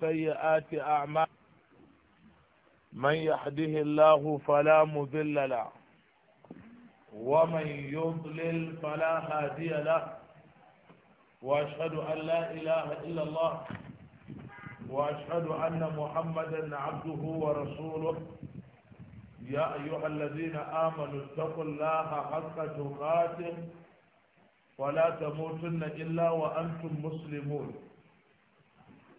سيئات أعمال من يحده الله فلا مذل له ومن يضلل فلا هادي له وأشهد أن لا إله إلا الله وأشهد أن محمدا عبده ورسوله يا أيها الذين آمنوا اتقوا الله حق تقاته ولا تموتن إلا وأنتم مسلمون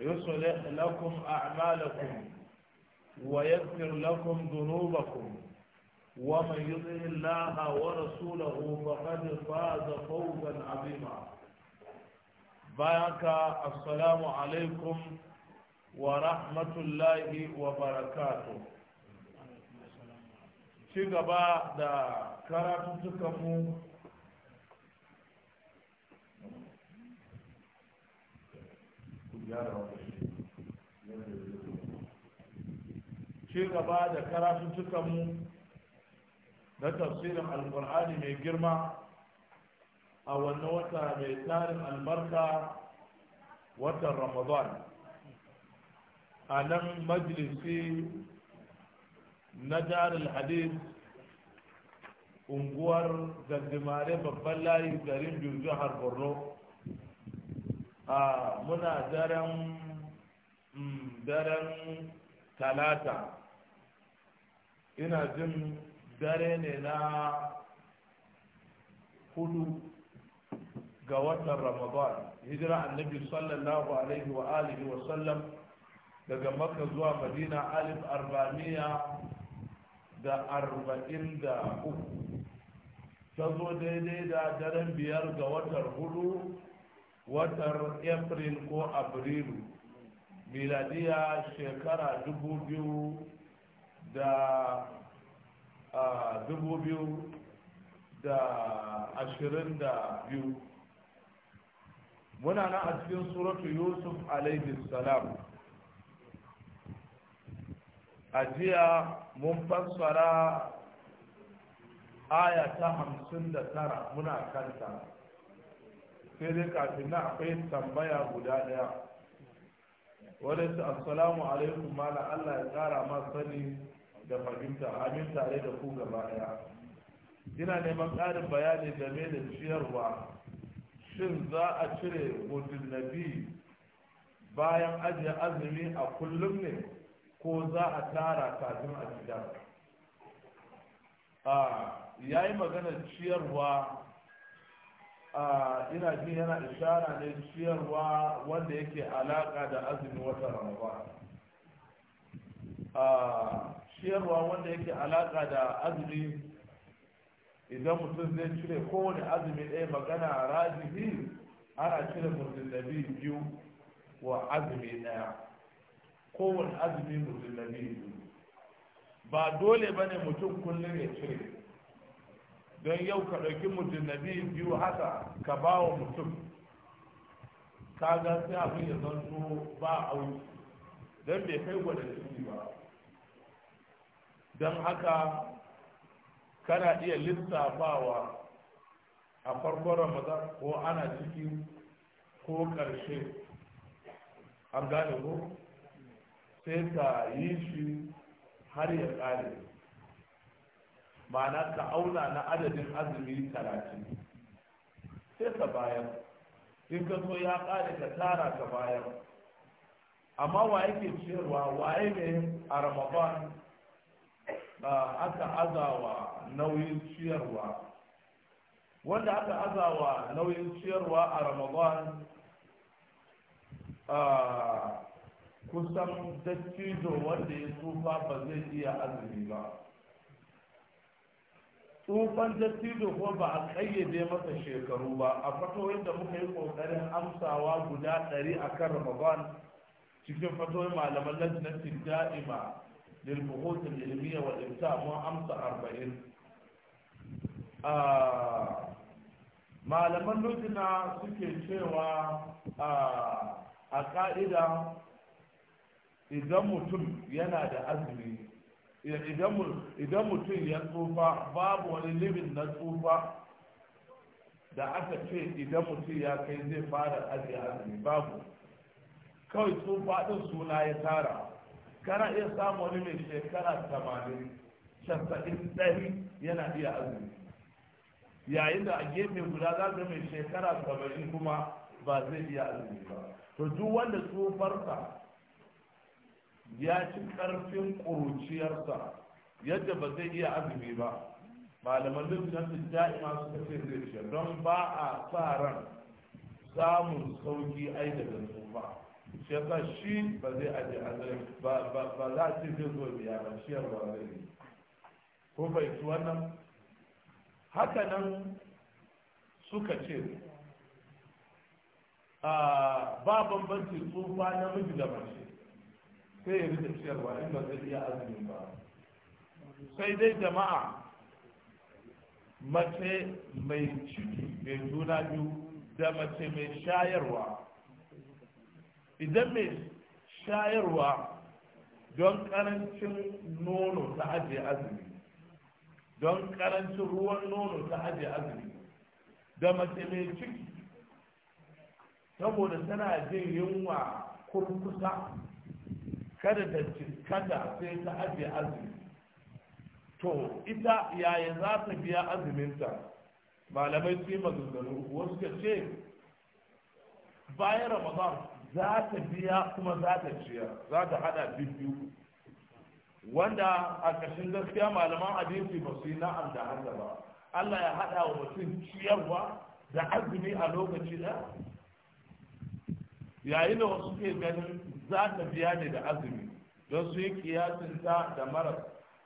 يصلح لكم أعمالكم ويغفر لكم ذنوبكم ومن يطع الله ورسوله فقد فاز فوزا عظيما بارك السلام عليكم ورحمة الله وبركاته شكرا da karatuttukanmu ci gaba da karatuttukanmu na tafsirin alkur'ani mai girma a wannan wata mai tarin albarka watan ramadan a nan majalisi na darul hadis unguwar zandimare babban layi garin jihar borno a muna daren mm, daren talata ina jin dare ne na hudu ga watan ramadan hijira annabi sallallahu alaihi wa alihi wa sallam daga makka zuwa madina alif arba'miya da arba'in da uku ta zo daidai da daren biyar ga watan hudu watar april ko abril miladiya shekara dubu biyu da dubu biyu da ashirin da biyu muna na a cikin suratu yusuf alaihi salam a jiya mun fassara aya ta hamsin da tara muna kanta sai dai kafin na akwai tambaya guda daya wadda ta assalamu alaikum mala Allah ya tsara ma sani da fahimta amin tare da ku gaba daya ina neman ƙarin bayani game da ciyarwa shin za a cire gudun nabi bayan ajiye azumi a kullum ne ko za a tara kafin a gida ya yi magana ciyarwa ina jin yana ishara ne ciyarwa wanda yake alaka da azumin wata ramadan ciyarwa wanda yake alaka da azumi idan mutum zai cire kowane azumi ɗaya magana rajihi ana cire musulmi biyu wa azumi ɗaya kowane azumi musulmi biyu ba dole ba ne mutum kullum ya cire don yau ka ɗauki mutum na biyu biyu haka ka ba wa mutum ka ga sai abin ya zanto ba a wuce don bai kai gwada shi ba don haka kana iya lissafawa a farkon ramadan ko ana ciki ko ƙarshe an gane ko sai ka yi shi har ya ƙare ma'ana ka auna na adadin azumi talatin sai ka bayar in ka so ya ƙare ka tara ka bayar amma wa yake ciyarwa waye ne a ramadan aka azawa nauyin ciyarwa wanda aka azawa nauyin ciyarwa a ramadan kusan dattijo wanda ya tsufa ba zai iya azumi ba tsufan dattijo ko ba a kayyade masa shekaru ba a fatoyin da muka yi kokarin amsawa guda ɗari a kan ramadan cikin fatoyin malaman lajinatin da'ima lilbuhutun ilmiya wa ibta mu amsa arba'in malaman lujina suke cewa a ƙa'ida idan mutum yana da azumi idan mutum ya tsufa babu wani limin na tsufa da aka ce idan mutum ya kai zai fara ajiye azumi babu kawai tsufa ɗin suna ya tara kana iya samu wani mai shekara tamanin casa'in ɗari yana iya azumi yayin da a gefe guda za ga mai shekara saba'in kuma ba zai iya azumi ba to duk wanda tsufarsa ya ci ƙarfin ƙuruciyarsa yadda ba zai iya azumi ba malaman lissafin da'ima suka ce zai ce don ba a sa ran samun sauki ai gansu ba. shi ya shi ba zai aje azumi ba za a ce zai zo biya ba shi yarwa zai yi ko bai ci wannan haka nan suka ce ah, ba bambanci tsufa mijin da mace sai ya rike ciyarwa in ba zai iya azumin ba sai dai jama'a mace mai ciki mai juna biyu da mace mai shayarwa idan mai shayarwa don karancin nono ta ajiye azumi don karancin ruwan nono ta ajiye azumi da mace mai ciki saboda tana jin yunwa kurkusa kada da kada sai ta ajiye azumi to ita yaya za ta biya azuminta malamai su yi maganganu wasu ka ce bayan ramadan za ta biya kuma za ta ciya za ta hada biyu wanda a ƙarshen gaskiya malaman hadisi ba su yi na'am da hada ba Allah ya hada wa mutum ciyarwa da azumi a lokaci ɗaya yayin da wasu ke ganin za ta biya ne da azumi don su yi kiyasin ta da mara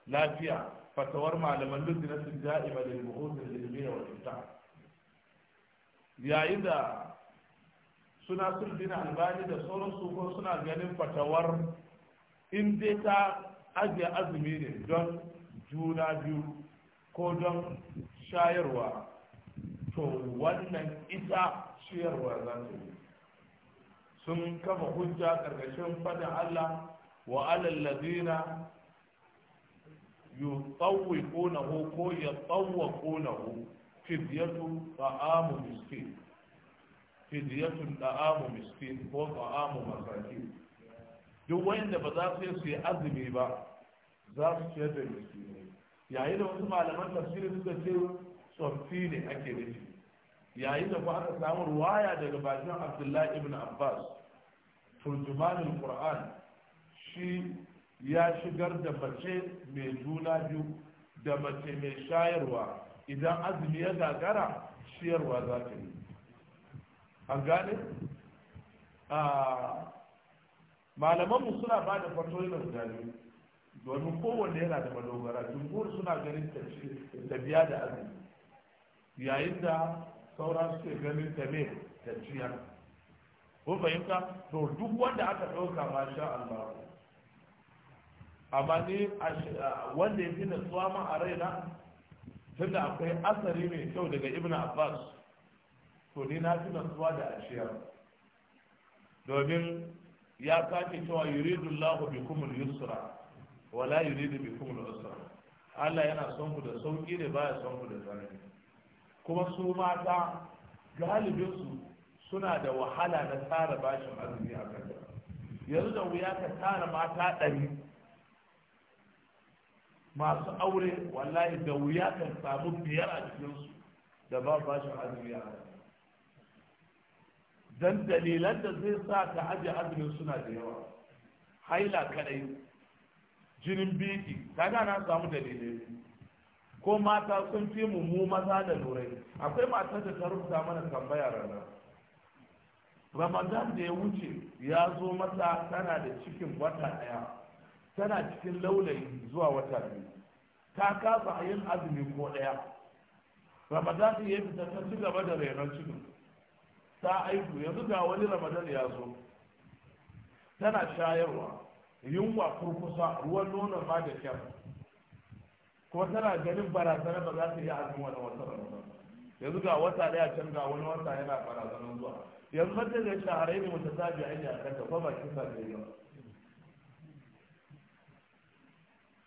lafiya fatawar malaman na sun da'ima da buhutun ilmiya wa cuta yayin da suna sun sulbina albani da sauransu ko suna ganin fatawar in dai ta ajiye azumi ne don juna biyu ko don shayarwa to wannan ita ciyarwa za ta yi sun kafa hujja ƙarƙashin fadin Allah wa alal ladina yutawwiqunahu ko na ko ya tsawwa yatawwaqunahu fidyatu ta'amu miskin fidyatu ta'amu miskin ko ta'amu masaki. duk wanda ba za su yi su azumi ba za su ce da ne. yayin da wasu malaman tafsiri suka ce tsoffi ne ake nufi yayin da ku aka samu ruwaya daga bakin abdullahi ibn abbas turjumanin qur'an shi ya shigar da mace mai juna biyu da mace mai shayarwa idan azumi ya gagara shayarwa za ta yi an gane malamanmu suna ba da fatoyi da mutane domin kowanne yana da madogara jumhur suna ganin tafiya da azumi yayin da saura suke ganin ta ne ta ciyar ko fahimta to duk wanda aka ɗauka sha Allah amma ne wanda ya fi tsuwa ma a raina tunda akwai asari mai kyau daga ibn abbas to ni na fi tsuwa da ashiya domin ya kace cewa yuridu Allahu bikum al-yusra wala yuridu bikum al-usra Allah yana son ku da sauki ne baya son ku da tsanani kuma su mata galibinsu suna da wahala na tara bashin azumi a kan yanzu da wuya ka tara mata ɗari masu aure wallahi da wuya ka samu biyar a cikinsu da ba bashin azumi a kan dan dalilan da zai sa ka aje azumin suna da yawa haila kaɗai. jinin biki kaga na samu dalilai ko mata sun fi mu mu maza da lurai akwai matar da ta rubuta mana tambaya rana ramadan da ya wuce ya zo mata tana da cikin wata daya tana cikin laulayi zuwa wata biyu ta kasa yin azumi ko daya ramadan ya fita ta ci gaba da renon cikin ta aiku yanzu ga wani ramadan ya zo tana shayarwa yunwa kurkusa ruwan nonon ma da kyau kuma tana ganin barazana ba za su yi azumi wani wata ramadan yanzu ga wata daya can ga wani wata yana barazanar zuwa yanzu mata da shaharai ne mutu ta biya ne a kanta ko ba kisa ne yau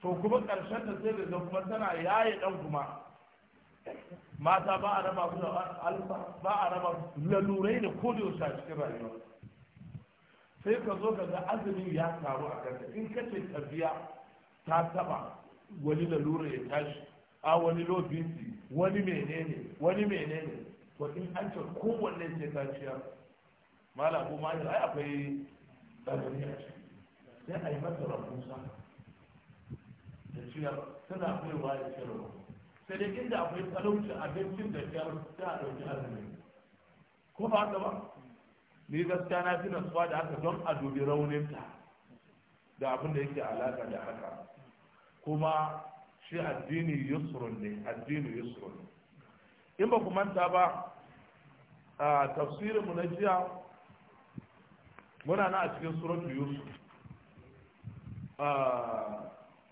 to kuma karshen da sai da kuma tana yaye dan kuma mata ba a raba su alfa ba a raba lalurai da ko da yaushe a cikin rayuwa sai ka zo ka ga azumin ya taru a kanta in ka ce biya ta taba wani lalura ya tashi a wani lobinsi wani menene wani menene to in an ce kowanne ce kaciya mala ko ma ai akwai tsanani a sai a yi masa rafusa da ciyar tana wa ya ciyarwa sai dai inda akwai talauci abincin da ciyar ta a ɗauki azumi ko ba haka ba ni gaskiya na fi nasuwa da haka don a dubi ta, da abin da yake alaka da haka kuma shi addini yusrun ne addini yusrun in ba ku manta ba a tafsirinmu na jiya muna na a cikin suratu yusuf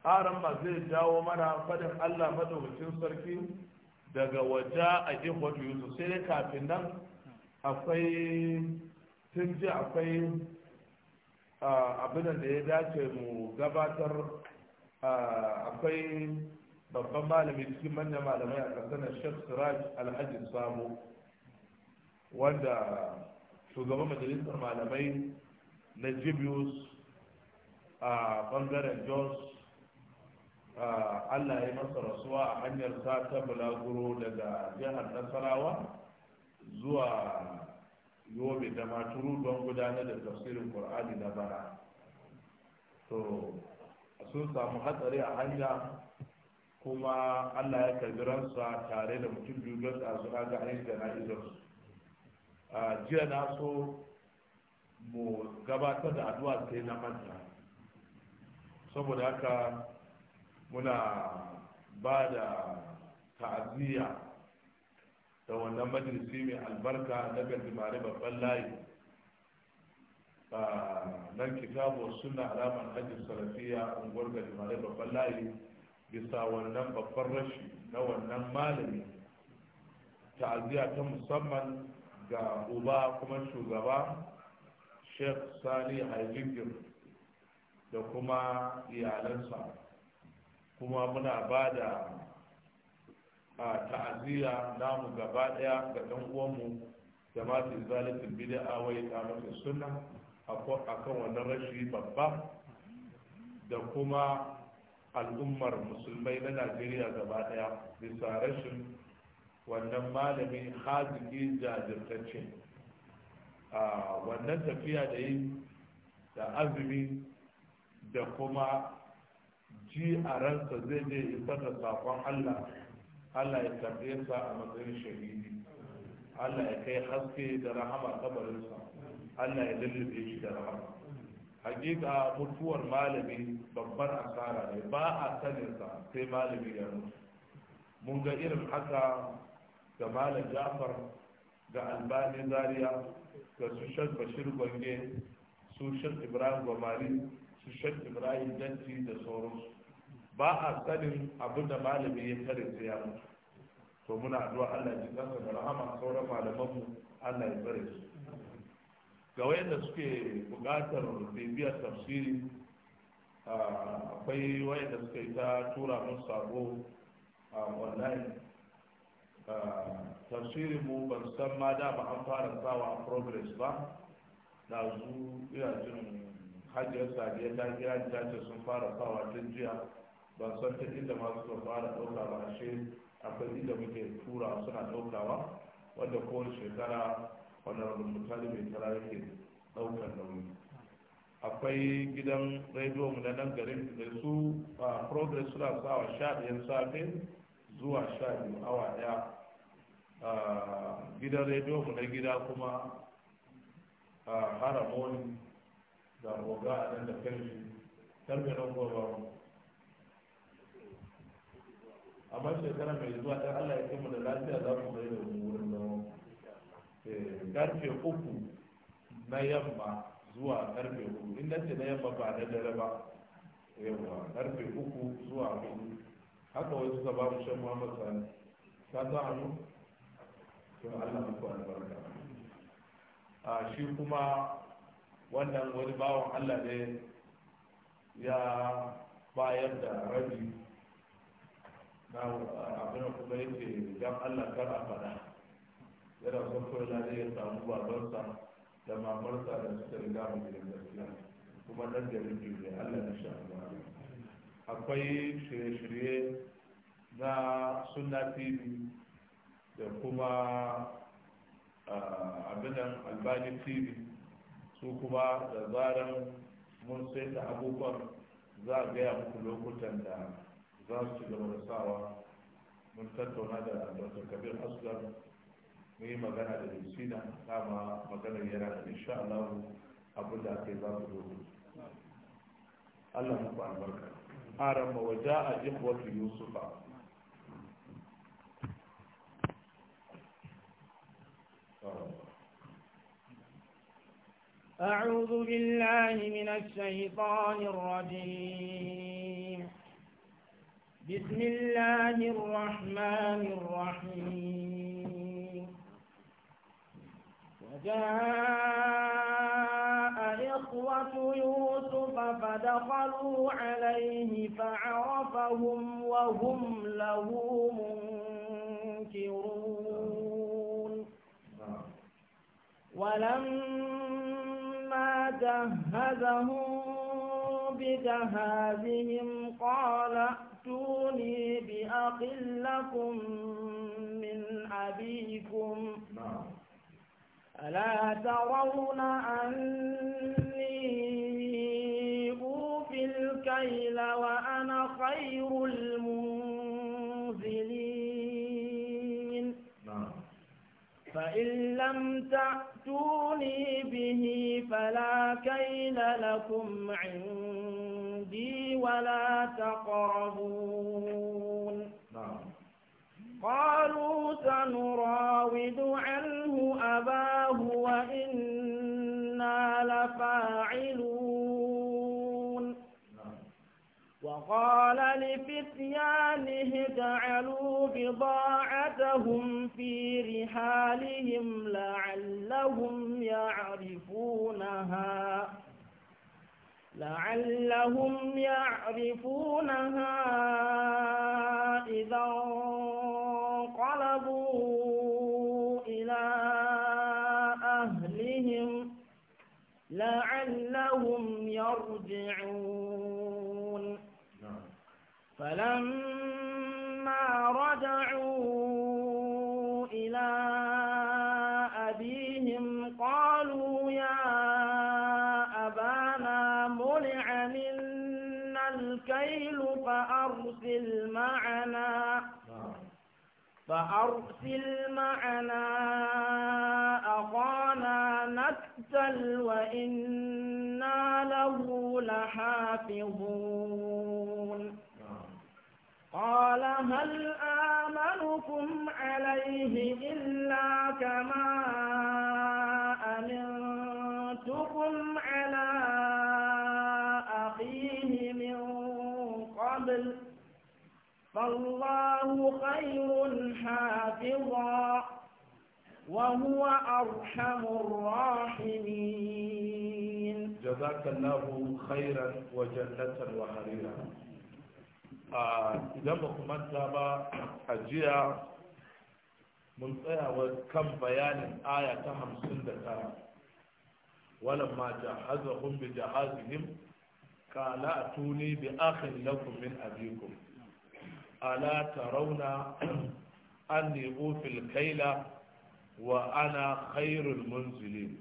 aran ma zai jawo mana fadin allah madawacin sarki daga waje a ihuwatu yusuf sai dai kafin nan akwai tun ji akwai abin da ya dace mu gabatar Ah, akwai babban malami cikin manyan malamai a ƙasar shek siraj alhaji sabo wanda shugaban majalisar malamai na jibius a bangaren jos allah ya masa rasuwa a hanyar sa ta bulaguro daga jihar nasarawa zuwa yobe da maturu don gudanar da tafsirin kur'ani na bara to sun samu hatsari a hanya kuma allah ya karbi ransa tare da mutum biyu don a suna ga ainihin jana'izarsu jiya na so mu gabatar da addu'a sai na manta saboda haka muna ba da ta'aziyya da wannan majalisi mai albarka na gandimare babban layi nan kitabu suna alamar hajji salafiya unguwar gajimare babban layi bisa wannan babban rashi na wannan malami ta'aziyya ta musamman ga uba kuma shugaba sheikh sani haijigir da kuma iyalansa kuma muna ba da a ta'aziyya namu gaba daya ga ɗan uwanmu da masu zalifin bid'a awai ta mafi suna akan wannan rashi babba da kuma al'ummar musulmai na najeriya gaba daya bisa rashin wannan malami haziki jajirtacce wannan tafiya da yi da azumi da kuma ji a ransa zai je isar da sakon allah allah ya karbe sa a matsayin shahidi allah ya kai haske da rahama kabarinsa Allah ya lullube shi da rahama hakika mutuwar malami babbar asara ne ba a saninsa sai malami ya mutu mun ga irin haka ga malam jafar ga albani zaria ga su shan bashir gwange su shan ibrahim gwamari su shan ibrahim janti da sauransu ba a sanin abin da malami ya tare sai ya mutu to muna addu'a Allah ya ji kansa da rahama sauran malamanmu Allah ya bare su ga wayanda suke buƙatar bibiya tafsiri akwai wayanda suke ta tura mun sabo a online tafsirin mu ban san ma da ba an fara sawa a progress ba da su ina jin hajiyar sadiya ta kira ta ce sun fara sawa tun jiya ban san ta inda ma suka fara ɗauka ba ashe akwai inda muke tura suna ɗaukawa wanda kowace shekara wanda rabin mutane mai tara yake daukar nauyi akwai gidan rediyo mu na nan garin da su progress suna sawa sha ɗayan safe zuwa sha biyu awa ɗaya gidan rediyo mu na gida kuma haramoni da oga a nan da kanshi karfe nan gobe amma shekara mai zuwa ɗan allah ya kai mu da lafiya za mu mai da wurin Eh, karfe uku na yamma zuwa karfe uku in ce na yamma ba na dare ba yamma karfe uku zuwa hudu haka wasu ka babu shan muhammad sani ta sa hannu to allah muku albarka a shi kuma wannan wani bawan allah ne ya bayar da rabi na abin kuma yake dan allah kar a faɗa yana kwakwar na ya samu babansa da mamarsa da suka riga mu gidan gaskiya kuma ɗan da ne allah na sha akwai shirye-shirye na sunna tv da kuma abinan albani tv su kuma da zarar mun sai da abubuwan za a gaya muku lokutan da za su ci gaba da sawa mun tattauna da dr kabir asgar mu magana da misina kama maganar yana da insha Allah abu da aka yi za su zo Allah ku albarka haram waja ja'a ikhwatu yusufa أعوذ بالله من الشيطان الرجيم بسم الله الرحمن الرحيم جاء إخوة يوسف فدخلوا عليه فعرفهم وهم له منكرون ولما جهزهم بجهازهم قال ائتوني بأخ لكم من أبيكم نعم. ألا ترون أني أوفي الكيل وأنا خير المنزلين نعم. فإن لم تأتوني به فلا كيل لكم عندي ولا تقربون نعم قالوا سنراود عنه أباه وإنا لفاعلون وقال لفتيانه اجعلوا بضاعتهم في رحالهم لعلهم يعرفونها لعلهم يعرفونها إذا انقلبوا إلى أهلهم لعلهم يرجعون فلما رجعوا إلى أبيهم قالوا يا أبانا منع منا الكيل فأرسل معنا فأرسل معنا أخانا نكتل وإنا له لحافظون قال هل آمنكم عليه إلا كما أمنتكم فالله خير حافظا وهو أرحم الراحمين جزاك الله خيرا وجنة وحريرا idan ba ku manta ba a jiya mun wa kan bayanin aya ta hamsin da tara walan ma jahazahum bi jahazihim qala atuni ala tarawna an ufil kaila wa ana khairul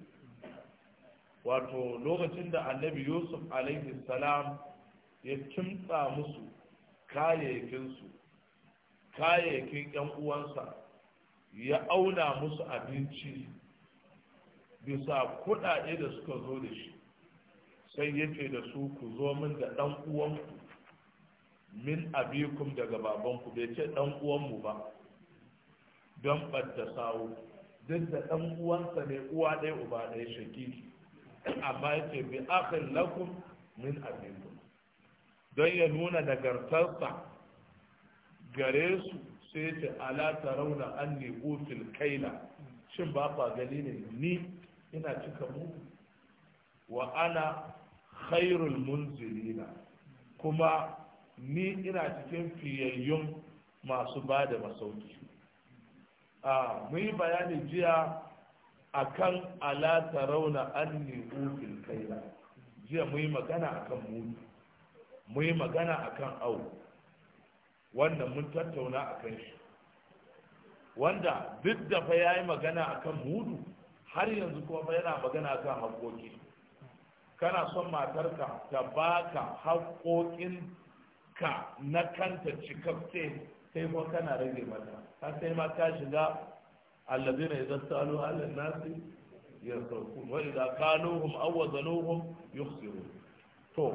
wato lokacin da annabi yusuf alaihi salam ya kimtsa musu kayayyakinsu kayayyakin yan uwansa ya auna musu abinci bisa kuɗaɗe da suka zo da shi sai ya ce da su ku zo min da ɗan uwanku min abikum daga babanku bai ce dan uwanmu ba don ɓadda sawo. duk da dan uwansa ne uwa ɗaya uba ɗaya shakiki amma ya ce bi akhir lakum min abikum don ya nuna nagartarsa gare su sai ce ala tarauna anni ufil kaila shin ba fa gani ne ni ina cika mu wa ana khairul munzilina kuma ni ina cikin fiyayyun masu ba da masauki a mun yi bayani jiya a akan ala tarauna anni kai kaila jiya mun yi magana kan mudu mun yi magana kan au wanda mun tattauna a kan shi wanda duk da fa yayi magana a kan mudu har yanzu kuma fa yana magana a kan haƙoƙi kana son matarka ta baka haƙoƙin ka na kanta cikafce sai ma kana rage mata har sai ma ka shiga allazina idan salu ala nasi yansarkun wa idza qaluhum aw wazanuhum yukhsirun to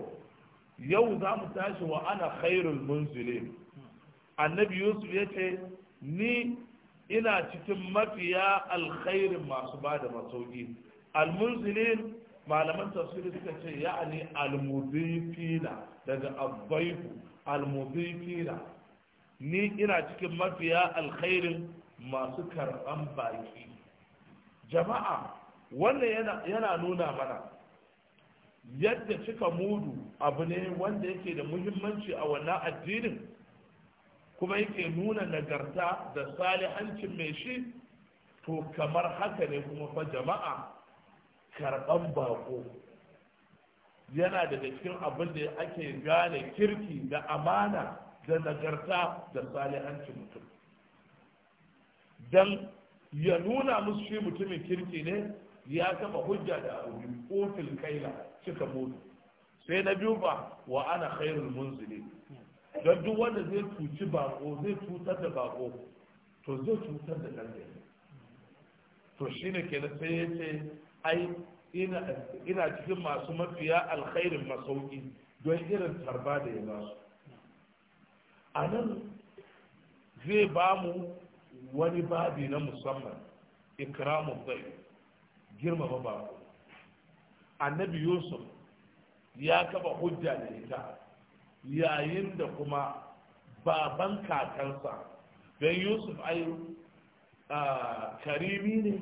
yau za mu tashi wa ana khairul munzilin annabi yusuf ya ce ni ina cikin mafiya alkhairin masu ba da masauki almunzilin malaman tafsiri suka ce ya'ani almudifina daga abbaiku almubiqina ni ina cikin mafiya alkhairin masu karɓan baki jama'a wannan yana nuna mana yadda cika mudu abu ne wanda yake da muhimmanci a wannan addinin kuma yake nuna nagarta da salihancin mai shi to kamar haka ne kuma fa jama'a karɓan bako yana daga cikin abin da ake gane kirki da amana da nagarta da salihancin mutum dan ya nuna musu shi mutumin kirki ne ya taba hujja da ofil kaila cika mutu sai na biyu ba wa ana khairul munzili don duk wanda zai cuci bako zai cutar da bako to zai cutar da ɗan to shine kenan sai ya ce ai ina cikin masu mafiya alkhairin masauki don irin tarba da ya ba su a nan zai ba mu wani babi na musamman ikramun zai girmama ba annabi yusuf ya kaba hujja da ita yayin da kuma baban kakansa don yusuf ai ah, karimi ne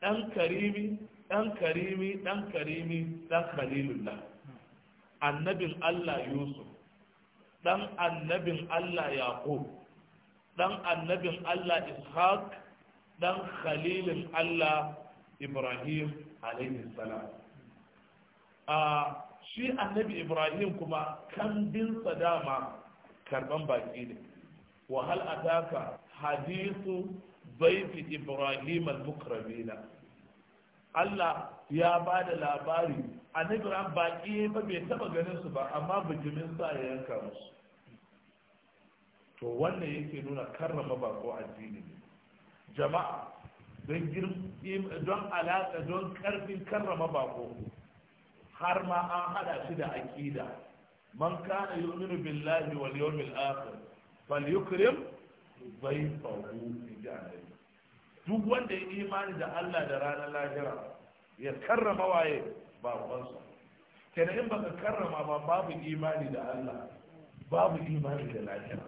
ɗan karimi ɗan karimi ɗan karimi dan khalilullah annabin Allah Yusuf dan annabin Allah Yaqub dan annabin Allah Ishaq Ɗan khalilin Allah Ibrahim alaihi salam a shi annabi Ibrahim kuma kan bin dama karban baki ne Wahala a daka hadisu baiti Ibrahim al-mukramina Allah ya ba da labari annabi ran baƙi ba bai taba ganin su ba amma bijimin sa ya yanka musu to wannan yake nuna karrama bako addini ne jama'a don don alaƙa don karfin karrama bako har ma an hada shi da aƙida man kana yu'minu billahi wal yawmil akhir falyukrim dhayfahu bi jannah duk wanda ya yi imani da Allah da ranar lahira ya karrama waye babansa kenan in baka karrama ba babu imani da Allah babu imani da lahira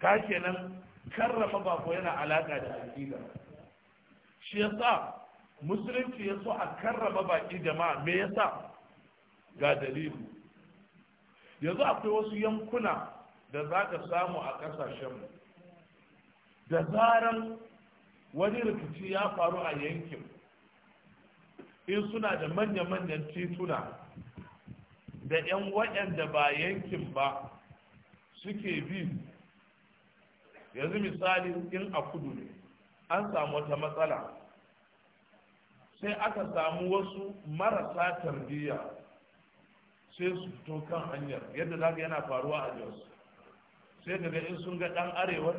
ka kenan karrama ko yana alaka da aqida shi yasa musulunci ya so a karrama baki jama'a me yasa ga dalili yanzu akwai wasu yankuna da za ka samu a ƙasashenmu da zaran wani rikici ya faru a yankin in suna da manya-manyan tituna da 'yan waɗanda ba yankin ba suke bi yanzu misali in a kudu ne an samu wata matsala sai aka samu wasu marasa tarbiyya sai su fito kan hanyar yadda zaka yana faruwa a jos sai daga in sun ga ɗan arewa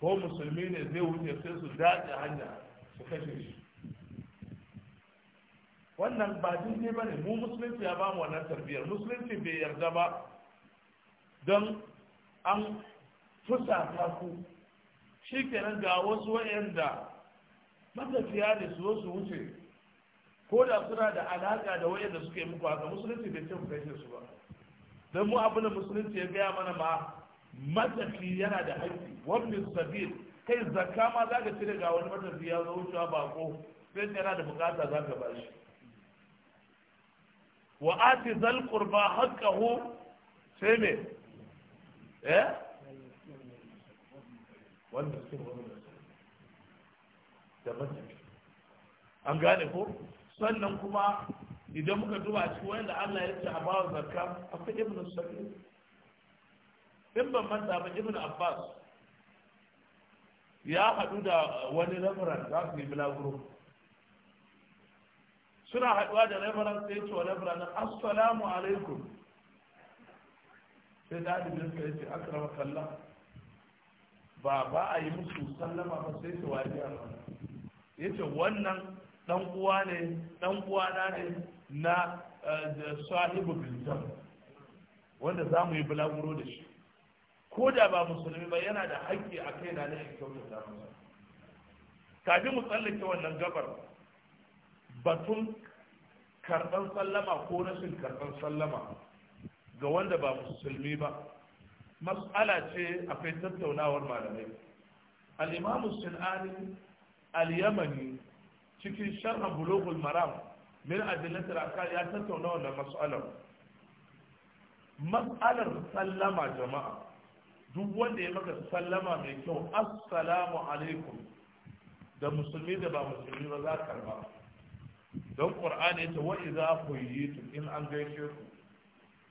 ko musulmi ne zai wuce sai su daɗe hanya su kashe shi wannan ba daidai ba ne mu musulunci ya ba mu wannan tarbiyyar musulunci bai yarda ba don an fusata ku shi kenan ga wasu wayanda matafiya ne su su wuce ko da suna da alaƙa da wayanda suke muku haka musulunci bai ce ku kashe su ba don mu abin da musulunci ya gaya mana ma mazafi yana da haƙƙi wabin sabil kai zakka ma za ka cire ga wani mazafi ya zo wucewa bako sai yana da bukata za ka bashi wa ati zal qurba haqqahu sai me eh wanda suke da matafi an gane ko sannan kuma idan muka duba a cikin wanda Allah ya ce a bawa zakka akwai ibnu sabil in ban manta ba ibn abbas ya haɗu da wani reverend za su yi milaguro suna haɗuwa da reverend sai ce wa reverend assalamu alaikum sai ɗalibin sa ya ce akrama kallah ba ba a yi musu sallama ba sai su waje a ya ce wannan dan uwa ne dan uwa na ne na eh, sahibu biljam wanda za mu yi bulaguro da shi ko da ba musulmi ba yana da haƙƙi a kai na da kyautata masa kafin mu tsallake wannan gabar batun karɓar sallama ko rashin karɓar sallama ga wanda ba musulmi ba mas'ala ce akwai tattaunawar malamai al'imamu sin'ani al-yamani cikin sharhan bulogul maram min adillatul akal ya tattauna wannan mas'alar mas'alar sallama jama'a duk wanda ya maka sallama mai kyau assalamu alaikum da musulmi da ba musulmi ba za karba don ƙur'ani ta wa yi quyitum in an gaishe ku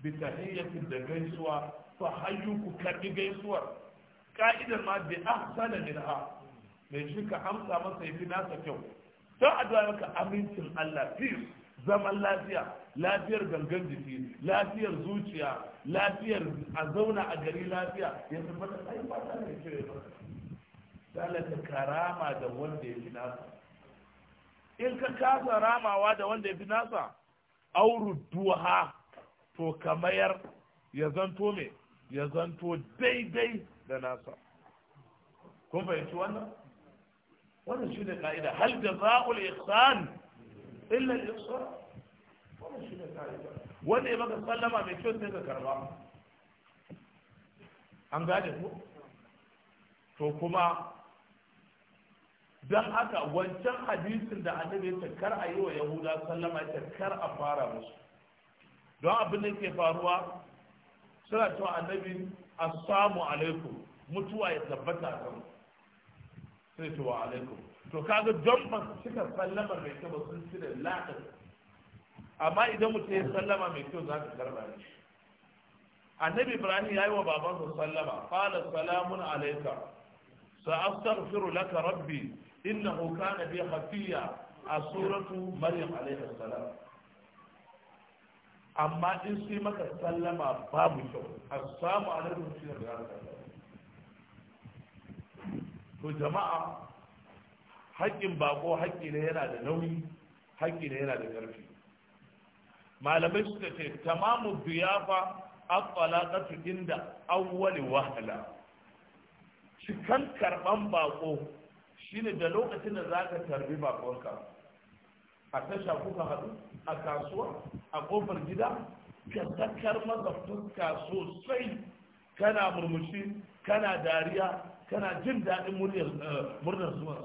bi tahiyyatin da gaisuwa fa hayyu ku karbi gaisuwar ka'idar ma bi ahsana minha mai shi ka amsa masa yafi nasa kyau don addu'a maka amincin Allah peace zaman lafiya lafiyar gangan jiki lafiyar zuciya lafiyar a zauna a gari lafiya ya zama da ai ba ta ne ce ba dalata karama da wanda ya fi nasa in ka kasa ramawa da wanda ya fi nasa auru duha to kamar ya zanto me ya zanto daidai da nasa kun fahimci wannan wannan shi ne ka'ida hal da ihsan illa ihsan wannan shi ne wanda ya maka sallama mai kyau sai ka karba an gane ku to kuma don haka wancan hadisin da annabi ya kar a yi wa yahuda sallama ya kar a fara musu don abin da ke faruwa suna cewa annabi assalamu alaikum mutuwa ya tabbata a kan sai cewa alaikum to kaga don ba cikar cika sallama mai kyau sun cire latin amma idan mutum ya sallama mai kyau za ka karba ne annabi ibrahim ya yi wa babansa sallama qala salamun alayka sa astaghfiru laka rabbi innahu kana bi khafiya a suratu maryam alayhi salam amma in sai maka sallama babu kyau assalamu alaikum shi da to jama'a haƙƙin bako haƙƙi ne yana da nauyi haƙƙi ne yana da ƙarfi malamai suka ce tamamu biyafa at-talaqatu inda awwali wahala cikan karban bako shine da lokacin da za ka tarbi bakonka a tasha kuka haɗu a kasuwa a ƙofar gida ka zakar masa fuska sosai kana murmushi kana dariya kana jin daɗin eh, murnar zuwa.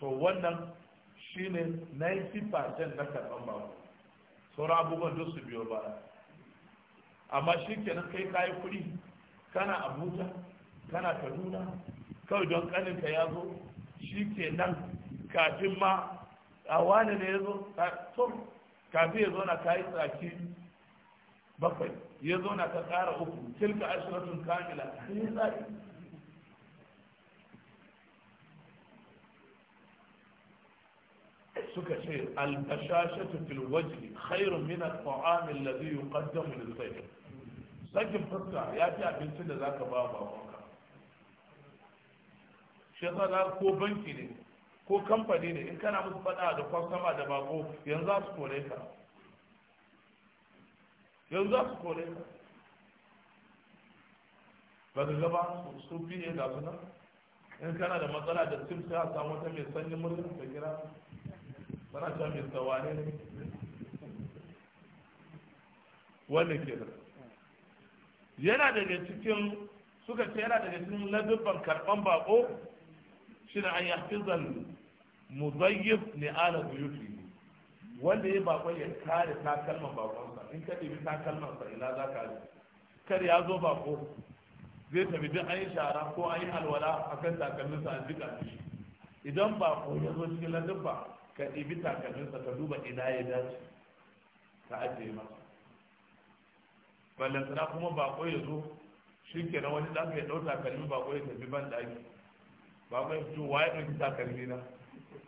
to wannan shine 90% na karban bako sauran abubuwan duk su biyo ba, amma shi kenan kai kayi kuɗi kana abuja kana kaduna kawai don kaninka ya zo shi kenan kafin ma a wani ne ya zo kafin ya zo na kayi tsaki bakwai ya zo na ka ƙara uku tilka ashiratun kamila sai ya suka ce albashashatu fil wajhi khairun min at-ta'am alladhi yuqaddamu lil-sayf sakin fuska ya fi abincin da zaka ba bakonka shi yasa ko banki ne ko kamfani ne in kana musu fada da kwastama da bako yanzu za su kore ka yanzu su kore ka ba ga gaba su fiye da suna in kana da matsala da sim sai a samu ta mai sanyin murna da kira ba na ne ke yana daga cikin suka ce yana daga cikin ladubban karɓan bako shi na an yi hafizan muzayyif ne ala buyuti wanda ya bakon ya kare takalman bakonsa in ka ɗibi takalmansa ina za ka yi kar ya zo bako zai tafi duk an yi shara ko an yi alwala a kan takalminsa a jika shi idan bako ya zo cikin ladubba ka ɗibi takalminsa ka duba ina ya dace ka ajiye masa ballantana kuma bako ya zo shi ke na wani ɗan ya ɗau takalmi bako ya tafi ban ɗaki bako ya fito waye ɗauki takalmi na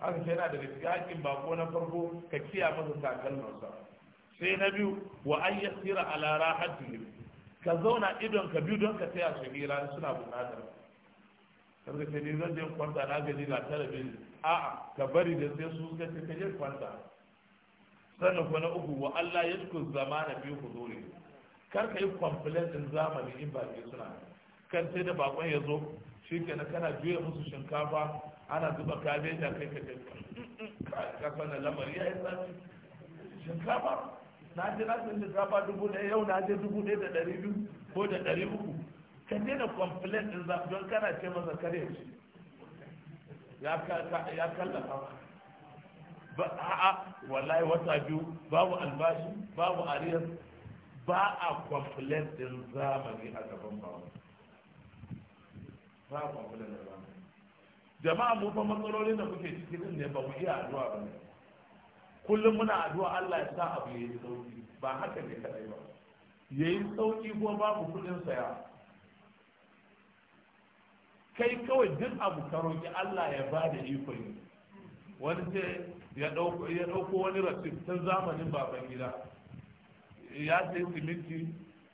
haka sai yana daga cikin haƙƙin bako na farko ka kiya masa takalminsa sai na biyu wa an a lara rahatihim ka zauna idon ka biyu don ka taya su hira suna buƙatar ga sai ni zan je kwanta na gani ga talabijin a'a ka bari da sai su suka ce kaje kwanta sannan kuma na uku wa Allah ya tuku zamana bi huzuri kar ka yi complaint din zamani in ba ke suna kan sai da bakon ya zo shi shikenan kana juya musu shinkafa ana zuba da kai ka kai ka kana lamari ya yi zafi shinkafa na je na san shinkafa dubu ɗaya yau na je dubu ɗaya da ɗari biyu ko da ɗari uku ka daina complain din zamani don kana ce masa kare shi ya kallafa ba a wallahi wata biyu babu albashi babu ariyar ba a kwamfulen din zamani a gaban bawa ba a kwamfulen din zamani jama'a mu fa matsaloli da muke ciki din ne ba mu iya addu'a ba ne kullum muna addu'a Allah ya sa abu yayi sauki ba haka ne kadai ba yayi sauki ko babu kudin saya kai kawai duk abu ka roƙi Allah ya ba da ikon yi wani ce ya ɗauko wani rasid tun zamanin baban gida ya sai siminti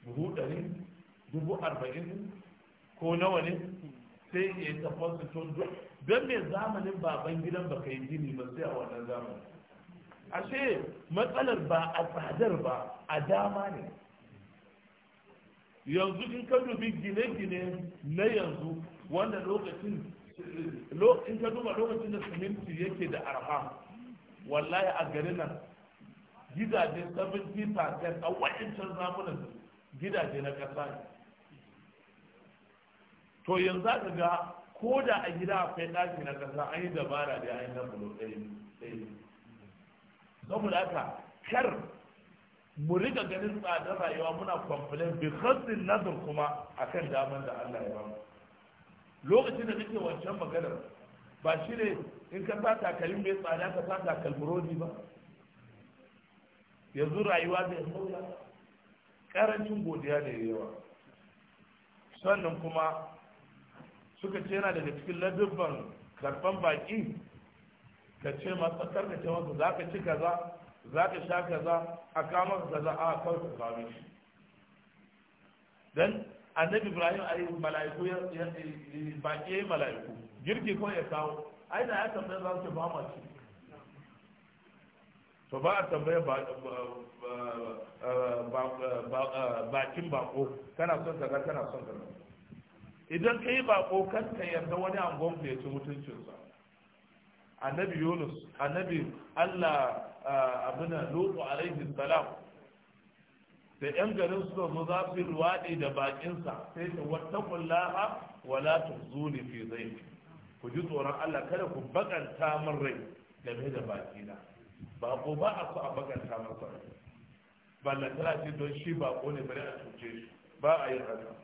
buhu ɗari dubu arba'in ko nawa ne sai ya tafi su don me zamanin baban gidan ba ka yi gini ba sai a wannan zamanin ashe matsalar ba a tsadar ba a dama ne yanzu in ka dubi gine-gine na yanzu wanda lokacin in ka duba lokacin da siminti yake da arha wallahi a garin nan gidaje 70% a wa'ancan zamanin gidaje na ƙasa ne to yanzu ka ga ko da a gida akwai ɗaki na ƙasa an yi dabara da ya yi na bulo ɗaya saboda haka kar mu riga ganin tsadar rayuwa muna kwamfilin bi khassin nazar kuma akan damar da Allah ya bamu lokacin da nake wancan maganar ba shi ne in ka sa takalin mai tsada ka sa takalmurodi ba yanzu rayuwa zai sauya karancin godiya da yawa sannan kuma suka ce yana daga cikin ladubban karban baki ka ce masa karka ce masu, za ka ci kaza za ka sha kaza a kama kaza a kawai ka kawo shi dan annabi ibrahim a yi mala'iku ya baki ya yi mala'iku girki ko ya kawo ai da ya tambaya za su ba mace to ba a tambaya bakin bako kana son kaza kana son kaza idan ka yi bako kan ka yarda wani angon ya ci mutuncinsa annabi yunus annabi allah ah, abuna lutu alaihi salam da yan garin su zo za su ruwaɗe da bakinsa sai ta wata kullaha wala ta zuni fi zai ku ji tsoron Allah kada ku bakanta min rai game da bakina ba ko ba a so a bakanta masa rai balla tana ce don shi ba ko ne bari a cuce shi ba a yi haka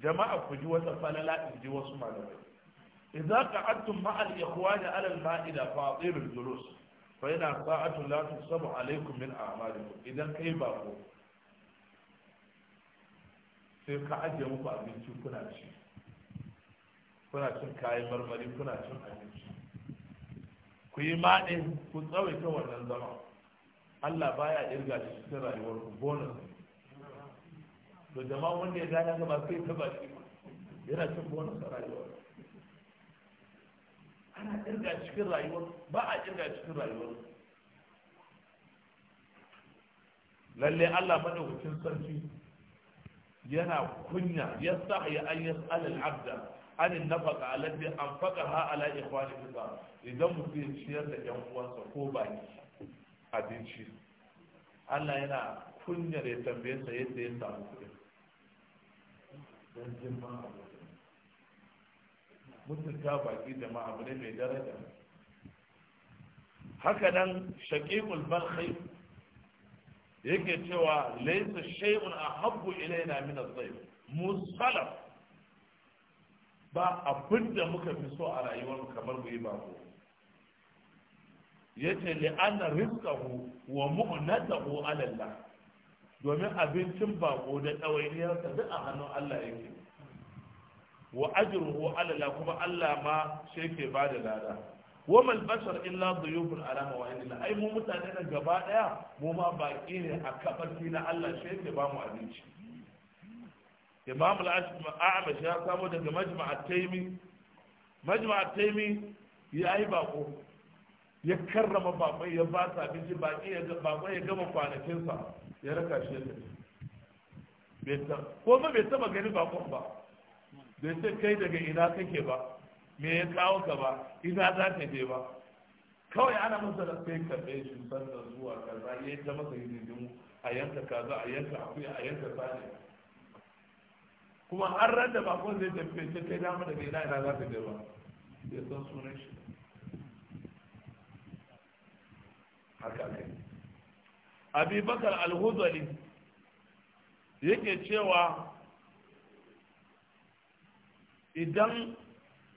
jama'a ku ji wata falala in ji wasu malamai idza qa'adtum ma'a al-ikhwani 'ala al-ma'ida fa'tirul julus fa yana sa'atu la tusabu alaikum min a'malikum idan kai ba ko sai ka ajiye muku abinci kuna ci kuna cin kayan marmari kuna cin abinci ku yi maɗi ku tsawaita wannan zama Allah baya irga shi cikin rayuwar ku bonus to jama'a wanda ya gane ba sai ta ba shi yana cin bonus a rayuwar ana kirga cikin rayuwar ba a kirga cikin rayuwar lalle Allah madaukakin sarki yana kunya ya sa ya an yas'al abda an nafaka alladhi ha ala ba, idan mutum ya ciyar da yan uwansa ko baki abinci Allah yana kunyar ya tambaye sa yadda ya samu kuɗi dan jin ba mutunta baki jama'a abu ne mai daraja haka nan shaqiqul balkhi yake cewa laisa shay'un ahabbu ilayna min az-zayf ba abin da muka fi so a rayuwar kamar mu yi bako yace li'anna rizqahu wa mu'natahu ala Allah domin abincin bako da ɗawainiyarsa duk a hannun Allah yake wa ajruhu ala la kuma Allah ma sai ke bada lada wa mal bashar illa dhuyufun ala mawaidina ai mu mutane da gaba daya mu ma baki ne a kafarki na Allah sai ke ba mu abinci imam al a'ma ya samo daga majma'a taymi majma'a taymi ya yi bako ya karrama bakwai ya ba ta abinci bakwai ya gama kwanakinsa ya raka shi ya tafi ko ba bai taba gani bakon ba bai sai kai daga ina kake ba me ya kawo ka ba ina za ka je ba kawai ana masa da sai karɓe shi da zuwa kaza ya yi ta masa hidindimu a yanka kaza a yanka akuya a yanka sani kuma an ran da bakon zai tafi ce kai dama daga ina ina za ka je ba ya san sunan shi haka ne abi bakar al yake cewa idan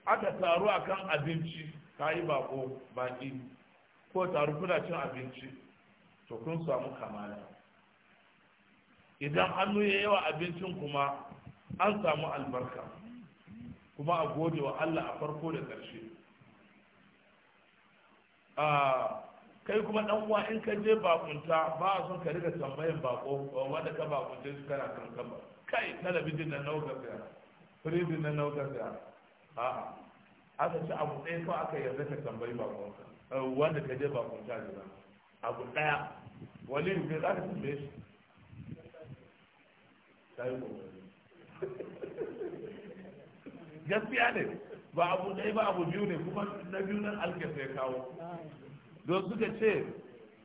aka taru a kan abinci ka yi bako baki ko taru kuna cin abinci to kun samu kamala idan hannu ya yawa abincin kuma an samu albarka kuma a gode wa Allah a farko da ƙarshe kai kuma ɗan uwa in ka je bakunta ba a son ka riga tambayin bako wanda ka bakunta su kana kan kama kai talabijin da nawa ka firijin na naukar da a aka ci abu ɗaya ko aka yarda ka tambayi bakonka wanda ka je bakonka ne abu ɗaya wani rufe za ka tambaye shi ta yi gaskiya ne ba abu ɗaya ba abu biyu ne kuma na biyu nan alkesa ya kawo don suka ce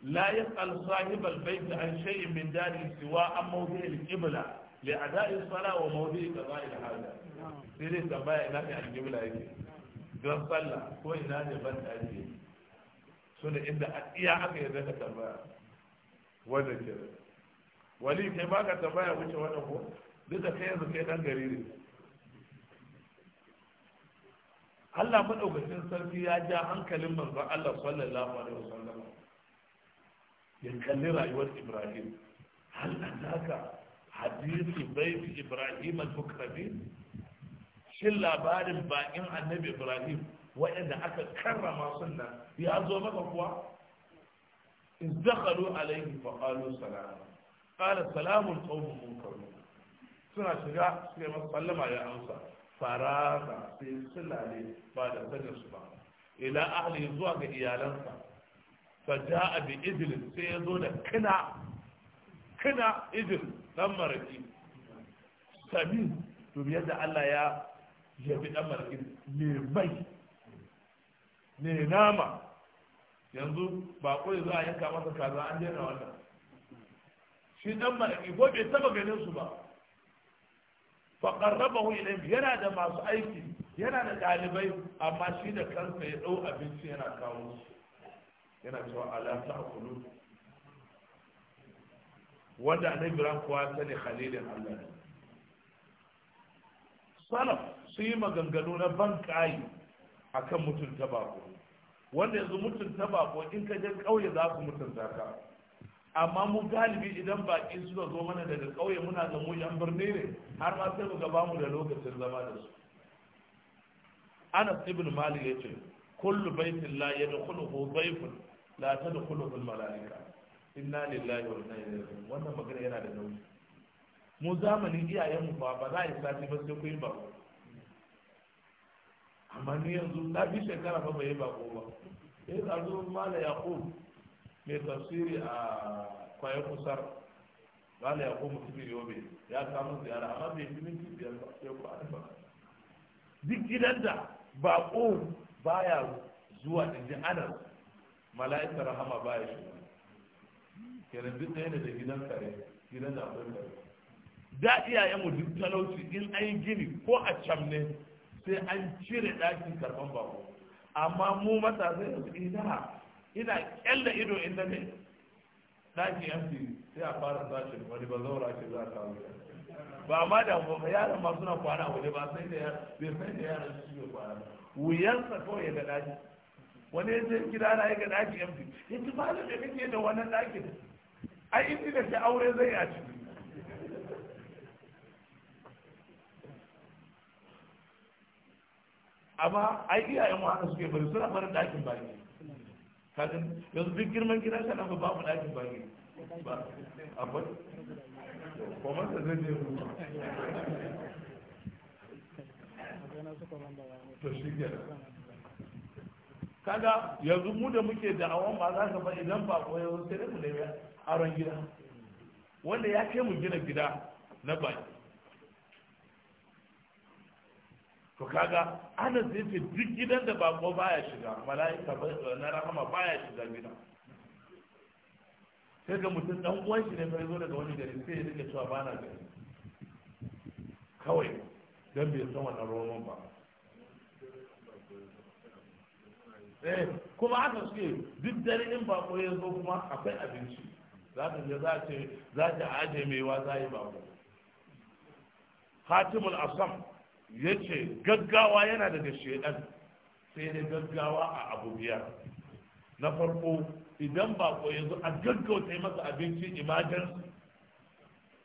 la yas'al sahibal baiti an shay'in min dari siwa an mawdi'il qibla لأداء الصلاة sala wa mawdi'i qada'i al-haja sai dai tambaya ina ne al-qibla yake don sallah ko ina ne ban taji so da inda a iya aka yarda ka tambaya wanda ke wali kai Allah maɗaukacin sarki ya ja hankalin manzon Allah sallallahu alaihi wasallam ya kalli rayuwar Ibrahim Allah naka hadisi baiti ibrahim al-bukrabi shin labarin baƙin annabi ibrahim waɗanda aka karrama sunna ya zo maka kuwa in dakhalu alayhi fa qalu salama qala salamun qawmun munkarun suna shiga suka yi masa ya amsa farasa sai sulale ba da sanin ba ila ahli zuwa ga iyalansa fa ja'a bi idlin sai ya zo da dan maraki sami to yadda Allah ya yabi dan maraki ne mai ne nama yanzu ba kawai za a yanka masa kaza an daina wannan shi dan maraki ko bai taba ganin su ba fa qarrabahu ilayhi yana da masu aiki yana da dalibai amma shi da kansa ya dau abinci yana kawo su yana cewa ala ta'kulu wanda annabi ibrahim kuwa sani khalilin allah ne salaf su yi maganganu na ban kayi kan mutunta bako wanda yanzu mutunta bako in ka je kauye za su mutunta ka amma mu galibi idan baƙi suka zo mana daga ƙauye muna da mu yan birni ne har ma sai mu gaba mu da lokacin zama da su anas ibn malik yace kullu baitin la yadkhuluhu dhayfun la tadkhuluhu al malaika inna lillahi wa inna ilaihi raji'un wannan magana yana da nauyi mu zamanin iyayen mu ba za a yi sati ba sai kun ba amma ni yanzu na bi shekara fa bai ba ko ba eh da zo mala yaqub mai tafsiri a kwaye kusar mala yaqub mutumin yobe ya samu ziyara amma bai yi minti biyar ba sai ku an ba duk gidan da bako baya zuwa da adam mala'ikar rahama baya shiga kenan duk ɗaya da gidan kare gidan da akwai kare da iyayenmu duk talauci in an yi gini ko a can ne sai an cire ɗakin karɓan bako amma mu matasa yanzu ina ina ƙyalla ido inda ne ɗakin yan fi sai a fara sashen wani ba zaura ce za a kawo ba ma da ba yaran ma suna kwana waje ba sai da yaran bai sai da yaran su ke kwana wuyansa kawai ya ga ɗaki wani ya je gida na ya ga ɗaki yan fi ya ci ba da me kake da wannan ɗakin ai in ji da shi aure zai a ciki amma ai iyayen wahala suke bari suna barin ɗakin baki kajin yanzu duk girman gidan ka ba mu ɗakin baki ba akwai kuma da zai je mu to shi kenan kaga yanzu mu da muke da awon ba za ka ba idan ba ko yau sai mu nemi aron gida wanda ya kai mu gina gida na baki to kaga ana zai ce duk gidan da bako baya shiga mala'ika na rahama baya shiga gida sai ga mutum dan uwan shi ne fa zo daga wani gari sai ya rike cewa ba na gari kawai dan bai san wannan roman ba Eh, kuma haka suke duk dare in bako ya zo kuma akwai abinci za ta je za ce za ta aje wa za yi bako hatimul asam ya ce gaggawa yana daga shedan sai dai gaggawa a abu biyar na farko idan bako ya zo a gaggauta yi masa abinci imajensu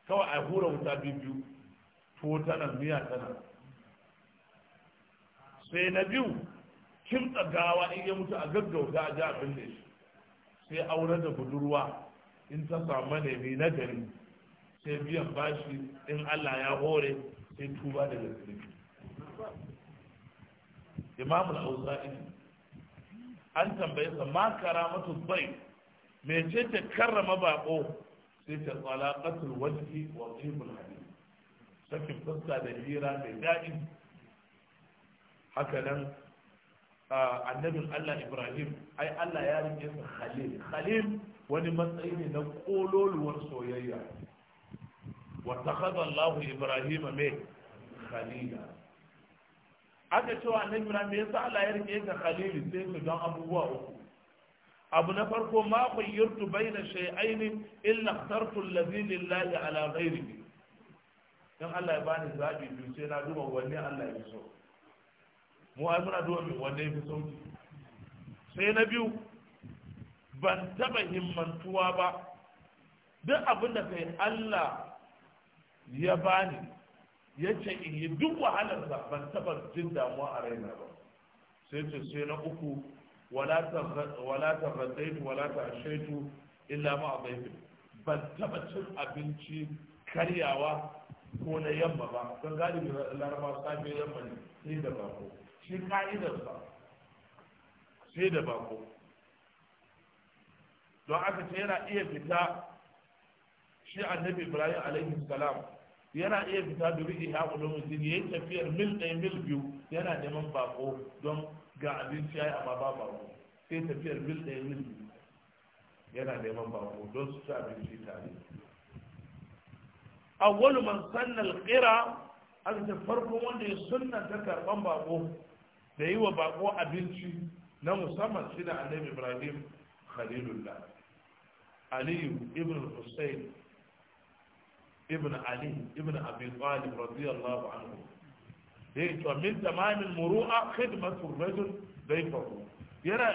kawai a hura wuta biyu to tana miya tana sai na biyu kimtsa gawa in ya mutu a gaggauta a ji abin da shi sai aure da budurwa in ta samu manemi na gari sai biyan bashi in allah ya hore sai tuba da zirgi imamu al-auza'i an tambaye sa ma karamatu bai me ce ta karrama bako sai ta tsalaqatul wajhi wa qimul hadith sakin fuska da hira mai daɗi haka nan annabin Allah Ibrahim ai Allah ya rike sa Khalil Khalil wani matsayi ne na kololuwar soyayya wa takhadha Allah Ibrahim mai khalila aka cewa annabi Ibrahim me yasa Allah ya rike sa Khalil sai su don abubuwa uku abu na farko ma bai baina shay'ain illa ikhtartu alladhi lillahi ala ghayrihi dan Allah ya bani zabi biyu sai na duba wanne Allah ya so mu ai muna duwa min wanda ya fi sauki sai na biyu ban taba himmantuwa ba duk abin da kai Allah ya bani ya ce in yi duk wahalarsa ban taba jin damuwa a raina ba sai ce sai na uku wala ta radaitu wala ta shaitu illa ma a ban taba cin abinci karyawa ko na yamma ba don galibi larabawa safe yamma ne sai da bako shi ka'idar ba sai da bako don aka ce yana iya fita shi annabi ibrahim alaihi salam yana iya fita domin iya ulumuddin ya yi tafiyar mil ɗaya mil biyu yana neman bako don ga abinci ya yi amma ba bako sai tafiyar mil ɗaya mil biyu yana neman bako don su ci abinci tare awwalu man sanna al-qira an ta farkon wanda ya sunna ta karban bako da yi wa bako abinci na musamman shi da annabi ibrahim khalilullah aliyu ibn hussein ibn ali ibn abi talib radiyallahu anhu dai to min tamamin muru'a khidmatu rajul dayfahu yana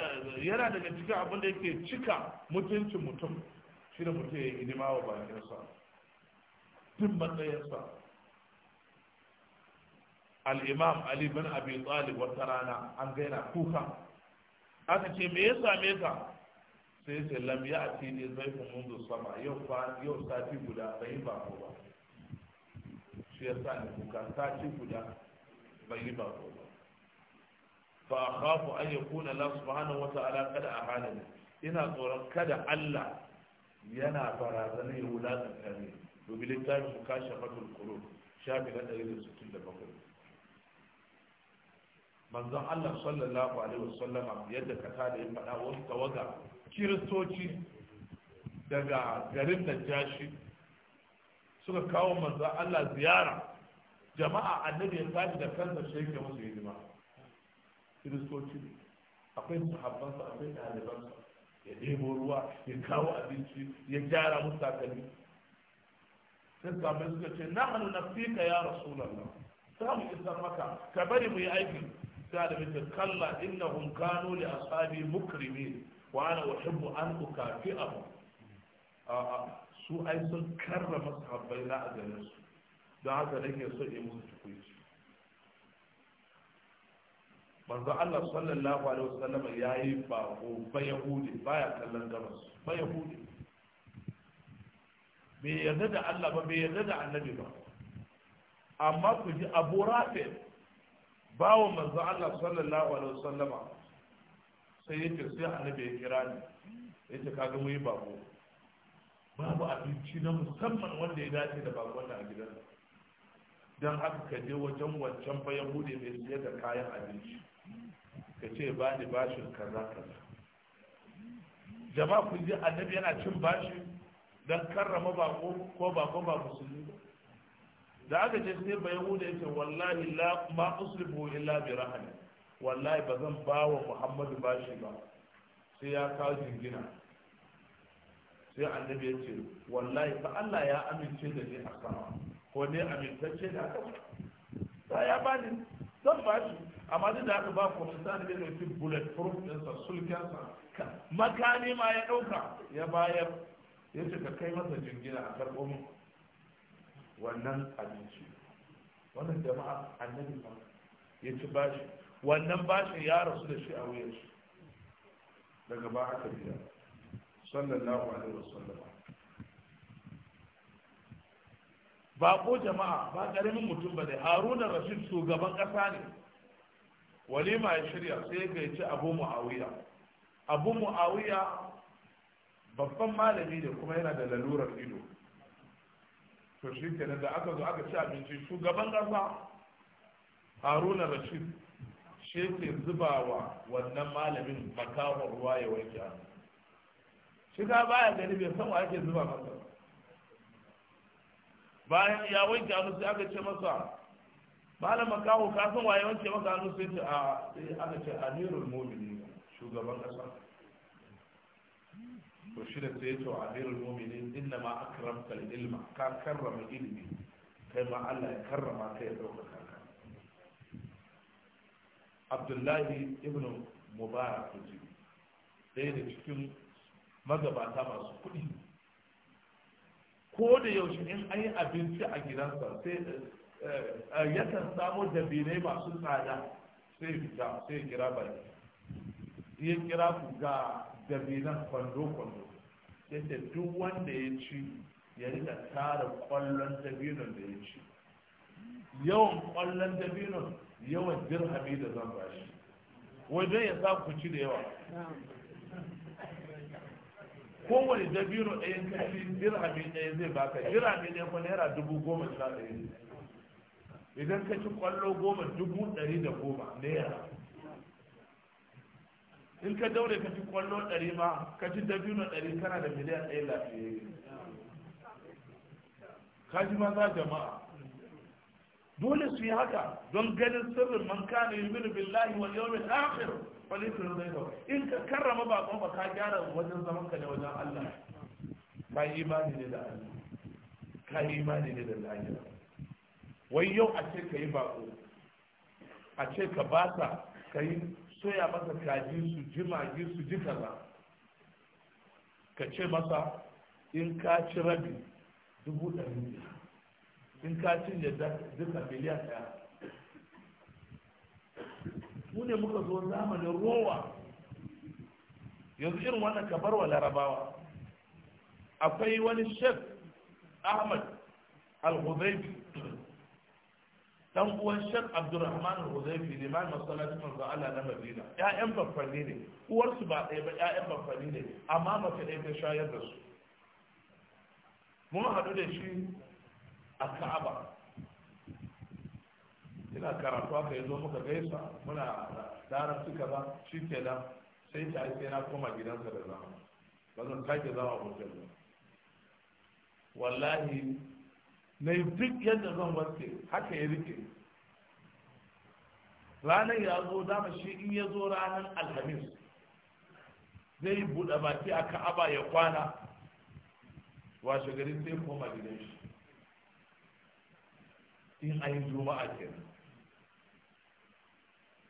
yana daga cikin abin da yake cika mutuncin mutum shi da mutum ya yi hidima wa bayansa duk matsayinsa al-imam ali bin abi talib wata rana an gaina kuka aka ce me ya same ka sai ce lam ya ati ne zai fi mundu sama yau yau sati guda bai ba ko ba shi ya sa ni kuka sati guda bai ba ko ba fa akhafu an yakuna Allah subhanahu wa ta'ala kada ahalani ina tsoron kada Allah yana barazanar ya wulaƙanta ne domin littafin kashe matul qulub shafi na bakwai. manzon Allah sallallahu alaihi wasallam yadda kata da ya faɗa wasu tawaga kiristoci daga garin Najashi suka kawo manzon Allah ziyara jama'a annabi ya tashi da kansa shi yake musu hidima kiristoci akwai akwai sa, akwai ɗalibansa ya debo ruwa ya kawo abinci ya gyara musu takalmi sai sahabbai suka ce na hannu na fika ya rasulallah za mu isa maka ka bari mu yi aikin sai da mutum kalla innahum kanu li ashabi mukrimin wa ana uhibbu an ukafi'ahum a'a su ai sun karrama sahabbai na a ganin su don haka nake so in musu tukuici manzo Allah sallallahu alaihi wasallam yayi bako ba yahudi baya kallon gabas ba bai yarda da Allah ba bai yarda da ba amma ku ji Abu Rafi' bawo manzo Allah sallallahu alaihi wasallama sai yake sai annabi ya kira ni yace kaga mu yi bako babu abinci na musamman wanda ya dace da bakon da gidan dan haka ka je wajen wancan bayan bude mai siyar da kayan abinci ka ce ba ni bashin kaza kaza jama'a kun ji annabi yana cin bashi dan karrama bako ko bako ba musulmi ba da aka ce sai ba yahuda yace wallahi la ma usrifu illa bi rahmi wallahi ba zan ba wa muhammadu bashi ba sai ya kawo jingina sai annabi ya ce wallahi fa Allah ya amince da ni a sama ko ne amintacce da aka ba ya ba ni zan ba shi amma duk da aka ba ku misali da yake bullet proof din sa sulken sa makani ma ya dauka ya bayar ya ce ka kai masa jingina a karbo mu wannan abinci wannan jama'a annabi ba ya ci bashi wannan bashi ya rasu da shi a wuyan shi daga ba aka biya sallallahu alaihi wasallam ba ko jama'a ba karamin mutum ba ne haruna rashid shugaban kasa ne walima ya shirya sai ya ci abu muawiya abu muawiya babban malami ne kuma yana da lalurar ido to shi ke da aka zo aka ci abinci shugaban ƙasa haruna rashid shi ke zubawa wannan malamin makawa ruwa ya wanke a shi ta baya gani bai san wa ake zuba masa bayan ya wanke hannu sai aka ce masa malam makawa ka san wa ya wanke masa hannu sai ce a sai aka ce amirul mu'minin shugaban ƙasa to shi da sai to amirul mu'minin inna ma akramta ilma ka karrama ilimi kai ma Allah ya karrama ka ya dauka ka Abdullahi ibn Mubarak kuji ɗaya da cikin magabata masu kuɗi ko da yaushe in an yi abinci a gidansa sai eh, eh, yakan samo dabinai masu tsada sai fita sai kira baki kira ku ga dabinan kwando-kwando yadda duk wanda ya ci ya rika tara kwallon dabinon da ya ci yawan kwallon dabinon yawan dirhami da zan bashi wajen ya sa ku ci da yawa kowane dabino ɗayan kashi dirhami ɗaya zai baka dirhami ɗaya ko naira dubu goma sha ɗaya idan ka ci kwallo goma dubu ɗari da goma naira in ka daure ka ci kwallo ɗari ma ka ci dabino ɗari kana da miliyan ɗaya lafiya. ka ji maza jama'a dole su yi haka don ganin sirrin man kana yumin billahi wal yawmil akhir wal yusr in ka karrama bakon ba ka gyara wajen zaman ka ne wajen Allah ka yi imani ne da Allah ka yi imani ne da lahira wai yau a ce ka yi bako a ce ka ba ta ka yi soya masa kaji su ji magi su ji kaza ka ce masa in ka ci rabi dubu ɗari biyar in ka cinye duka miliyan ɗaya mu ne muka zo zamanin rowa yanzu irin wannan kabar wa larabawa akwai wani shek ahmad al-huzaifi dan uwan shek abdurrahman al-huzaifi liman masallacin manzo Allah na Madina ƴaƴan baffanni ne uwarsu ba ɗaya ba ƴaƴan baffanni ne amma mace ɗaya ta shayar da su mun haɗu da shi a Ka'aba ina karatu aka yi zo muka gaisa muna larabci kaza shi ke nan sai ta ake na koma gidansa da zama ba zan sake zama hotel ba wallahi na yi duk yadda zan warke haka ya rike ranar ya zo dama shi in ya zo ranar alhamis zai buɗe baki a ka'aba ya kwana washe gari sai koma gidan shi in a yi juma'a kenan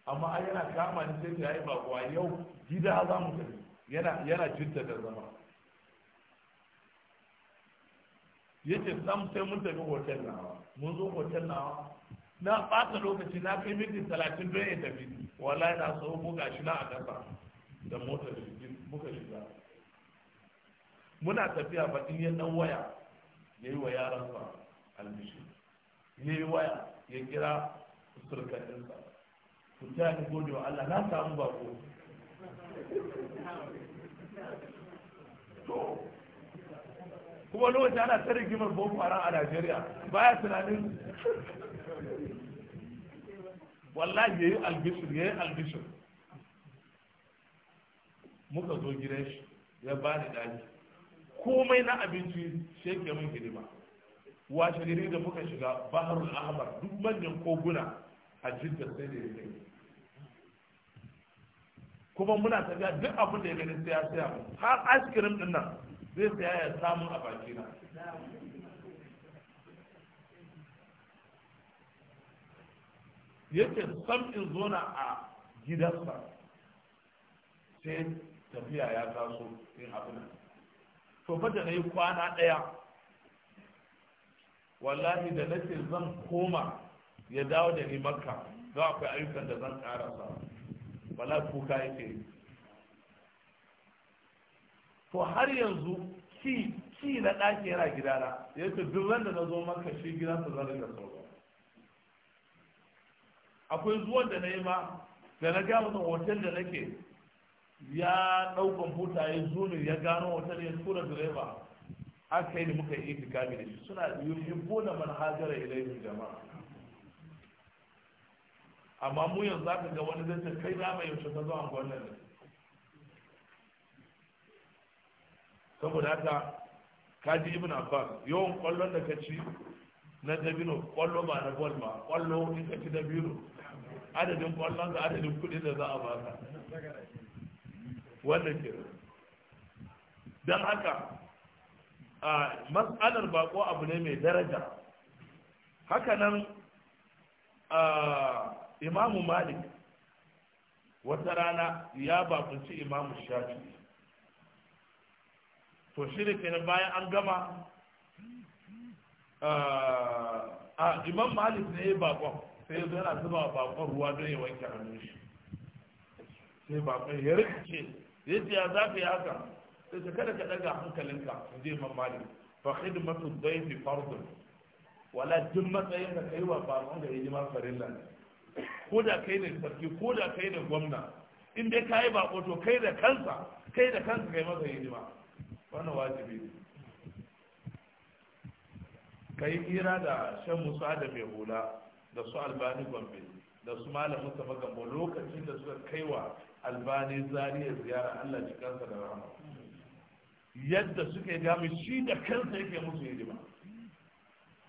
amma a yana kama ni sai ta yi bakuwa yau gida za mu yana yana jidda da zama yace sam sai mun tafi hotel na mun zo hotel na na fata lokaci na kai minti talatin don ya tafi wallahi na sau buga shi na a ƙasa da motar muka shiga muna tafiya ba in ya ɗan waya ya yi wa yaran sa almishi ya yi waya ya kira sa ku ta yi gode wa Allah na samu bako kuma lokacin ana ta rigimar boko haram a najeriya baya tunanin wallahi ya yi albishir ya yi albishir muka zo gidan shi ya ba ni daji komai na abinci sheke min hidima washe gari da muka shiga baharul ahmar duk manyan koguna a jidda sai da ya kuma muna tafiya duk abin da ya gani sai ya saya har askirin din nan zai saya ya samu a na yake sam zona a gidansa sai tafiya ya taso in abin to da na yi kwana ɗaya wallahi da nace zan koma ya dawo da ni makka don akwai ayyukan da zan ƙarasa wala kuka yake yi to har yanzu ci ci na ɗaki yana gidana ya ce duk wanda na zo maka shi gida su zara da sauran akwai zuwan da na yi ma da na gano da hotel da nake ya ɗau kwamfuta ya zuni ya gano hotel ya tura direba aka yi da muka yi gami da shi suna yuhibbu da manhajara ilayhi jama'a amma mu yanzu zaka ga wani zai ce kai na mai yaushe ta zo an ne saboda haka ji ibn abbas yawan kwallon da ka ci na dabino kwallo ba na bol ba kwallo in ka ci dabino adadin kwallon ka adadin kuɗi da za a ba ka wannan ke don haka a mas'alar bako abu ne mai daraja Haka nan, imamu malik wata rana ya bakunci imamu shafi'i to shirin kenan bayan an gama a ah, ah, imam malik ne ya bakon sai zai yana zuba bakon ruwa don ya wanke hannun shi sai bakon ya rikice ya ce ya za ka yi haka sai ta kada ka daga hankalinka in ji imam malik fa khidmatu dhayfi fardun wala duk matsayin da kai wa bakon da hidima farilla ne ko da kai ne sarki ko da kai ne gwamna in dai yi bako to kai da kansa kai da kansa kai masa hidima wannan wajibi ne ka yi hira da shan musa da mai hula da su albani gombe da su malam mustafa gambo lokacin da suka kai wa albani zariya ziyara allah jikansa da rama yadda suka yi gami shi da kansa yake musu hidima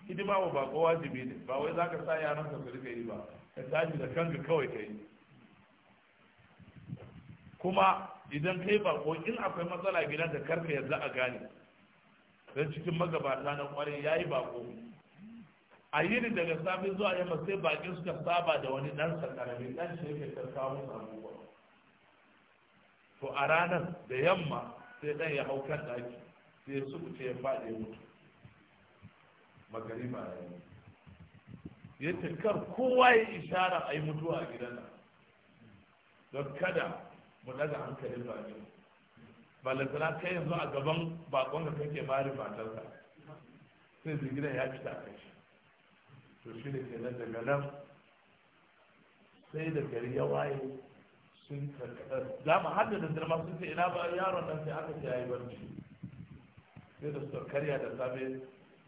hidima ba bako wajibi ne ba wai za ka sa yaran ka suka yi ba ka tashi da kanka kawai ka yi kuma idan kai ko in akwai matsala gidan da karka yadda a gane don cikin magabata na kwarai ya yi bako a ni daga safe zuwa yamma sai bakin suka saba da wani dan sakarami dan shi yake samu sabuwa to a ranar da yamma sai dan ya hau kan daki sai su fita ya faɗi mutu magariba ya yi ya kar kowa ya isharar a yi mutuwa a gidan nan don kada mu daga hankalin Ba balantana ta yanzu a gaban bakon da kake mari matarsa sai zingiran ya fita kai to shi da ke nan daga nan sai da gari ya waye sun karkata za mu hada da zirma sun ce ina ba yaron nan sai aka ce ya yi barci sai da suka karya da safe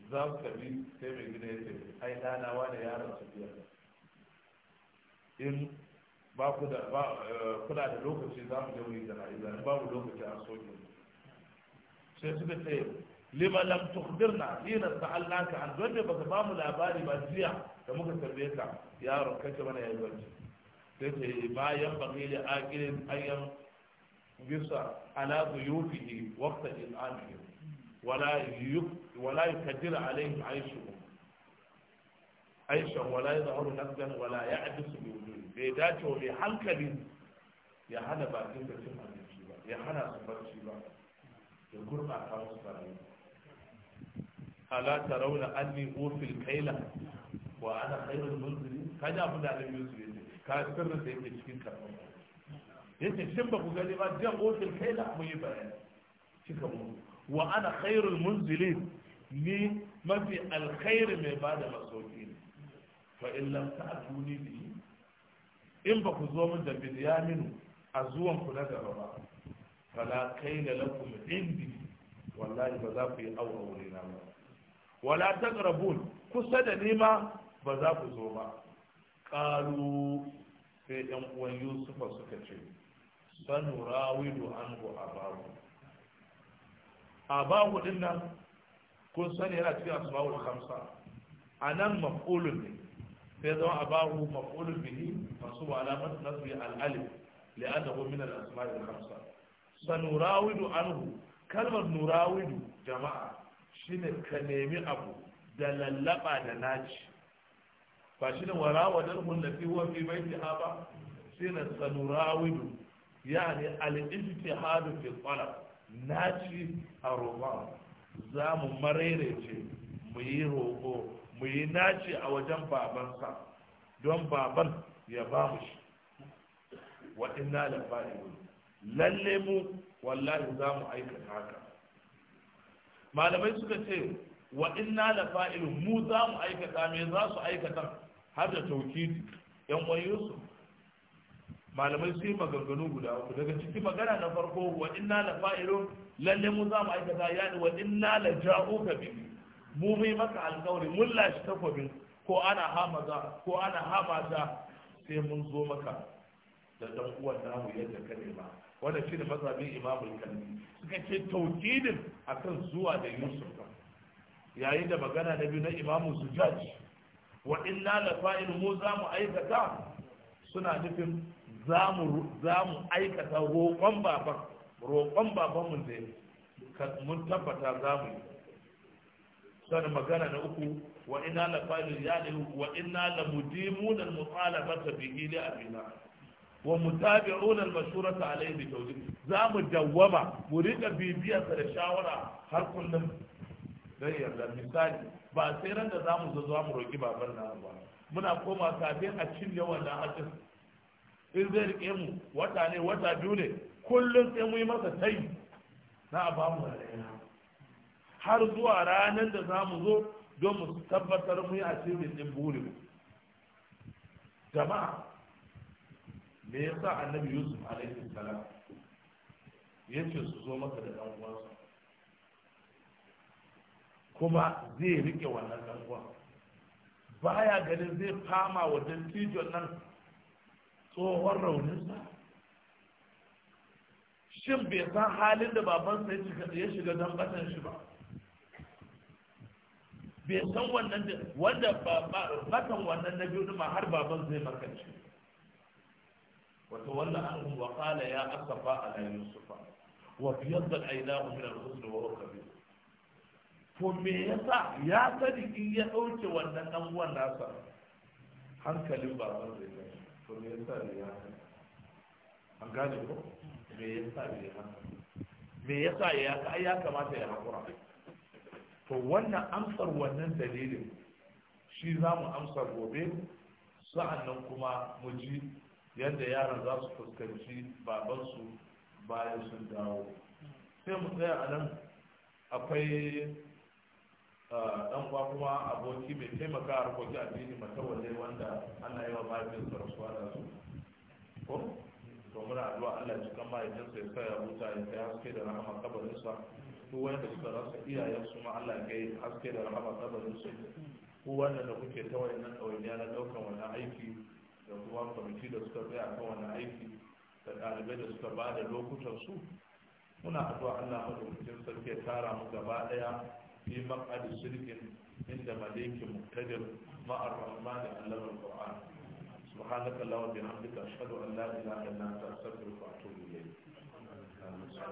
za su tafi sai mai gina ya ce ai ɗana wane yaron su biya in ba ku da ba eh, kula da lokaci za mu je wuri jana'iza ba mu lokaci a soke sai suka ce lima lam tukhbirna hina sa'alnaka an donne baka ba mu labari ba jiya da muka tarbe ka yaron kace mana yayi barci sai ce ba yan baqi li aqilin ayyam bisa ala duyufihi waqta al-amir wala yuk wala yukaddir alayhim aishuhum aishan wala yadhharu nafsan wala ya'disu bi wujuhi bai dace wa mai hankali ya hana bakin da cin abinci ba ya hana su barci ba ya gurɓata musu rayuwa ala tarawna anni ufil kaila wa ana khairul Ka kaji abin da annabi Yusuf yace ka sirrin da yake cikin karɓar yace shin ba ku gani ba jan ofil kaila mun yi bayani cika mu wa ana khairul munzilin ni mafi alkhairi mai bada masauki ne fa in lam ta'tuni bihi in ba ku zo min da bilyaminu a zuwan ku na gaba ba fala kai da lakum indi wallahi ba za ku yi aure wuri na ba wala taqrabun kusa da nima ba za ku zo ba qalu sai yan uwan yusufa suka ce sanu rawidu anhu abahu abahu din nan kun sani yana cikin asma'ul khamsa anan maf'ulun ne sai zama abahu maf'ulun bihi masu alamatu nasbi al-alif li'annahu min al-asma'i al-khamsa sanurawidu anhu kalmar nurawidu jama'a shine ka nemi abu da lallaba da naci ba shi ne warawadar hullafi wa fi baiti ha ba sai na sanurawidu yani al-ijtihadu fi talab naci a roba za mu marerece mu yi roƙo mu yi naci a wajen babansa don baban ya ba mu shi wa inna la fa'ilun lalle mu wallahi za mu aikata haka malamai suka ce wa inna la fa'ilun mu za mu aikata me za su aikata har da taukidi yan uwan yusuf malamai su yi maganganu guda uku daga ciki magana na farko wa inna la fa'ilun lalle mu za mu aikata yani wa inna la ja'uka bihi mu mai maka alkawari mun lashe takobin ko ana za ko ana za sai mun zo maka da dan uwan namu yadda ka nema wanda shi da mazhabin imamul kalbi suka ce tawkidin akan zuwa da yusuf yayin da magana na biyu na imamu sujaji wa inna la fa'il mu za mu aikata suna nufin za mu aikata roƙon baban roƙon baban mun dai mun tabbata za mu yi Sani magana na uku wa ina la fa'ilu yani wa inna la mudimun al mutalabata bihi li abina wa mutabi'un al mashurata alayhi bi tawjih za mu dawwama mu rika bibiya da shawara har kullum dan yarda misali ba sai ran da zamu zo zo mu roki baban na ba muna koma kafin a cin yawan da hadin in zai rike mu wata ne wata biyu ne kullum sai mu yi masa tai na bamu da har zuwa ranar da za mu zo don mu tabbatar mu yi asirin din burin jama'a me yasa annabi yusuf alaihi salam ya ce su zo maka da ɗan uwansa kuma zai rike wannan ɗan uwan baya ganin zai fama wa tijon nan tsohon rauninsa shin bai san halin da babansa ya shiga don shi ba bai san wannan da, wanda batan wannan na biyu ma har baban zai markace wata walla an wa qala ya asafa ala yusufa wa fiyadda aynahu min al-husn wa huwa kabir ko me yasa ya sani in ya dauke wannan dan uwan nasa hankalin baban zai tashi Ko me yasa ne ya an gane ko me yasa ne ya me yasa ya ya kamata ya hakura to wannan amsar wannan dalilin shi za mu amsa gobe sa'annan kuma mu ji yadda yaran za su fuskanci babansu bayan sun dawo sai mu tsaya a nan akwai dan uwa kuma aboki mai taimaka a a addini matawalle wanda ana yi wa mahaifinsa rasuwa da su ko to muna addu'a Allah ya cikan mahaifinsa ya sa ya huta ya kai haske da rahama kabarinsa duk da suka rasa iyayen su ma Allah ga yi haske da rahama kabarin su ku wanda da kuke ta wayannan ɗawainiya na ɗaukan wani aiki da kuma kwamiti da suka tsaya kan wani aiki da ɗalibai da suka ba da lokutan su muna addu'a Allah madaukakin sarki ya tara mu gaba ɗaya fi maqadi sirkin inda malikin muqtadir ma'ar rahmani allama al-qur'an subhanaka allahumma bihamdika ashhadu an la ilaha illa anta astaghfiruka wa atubu ilayk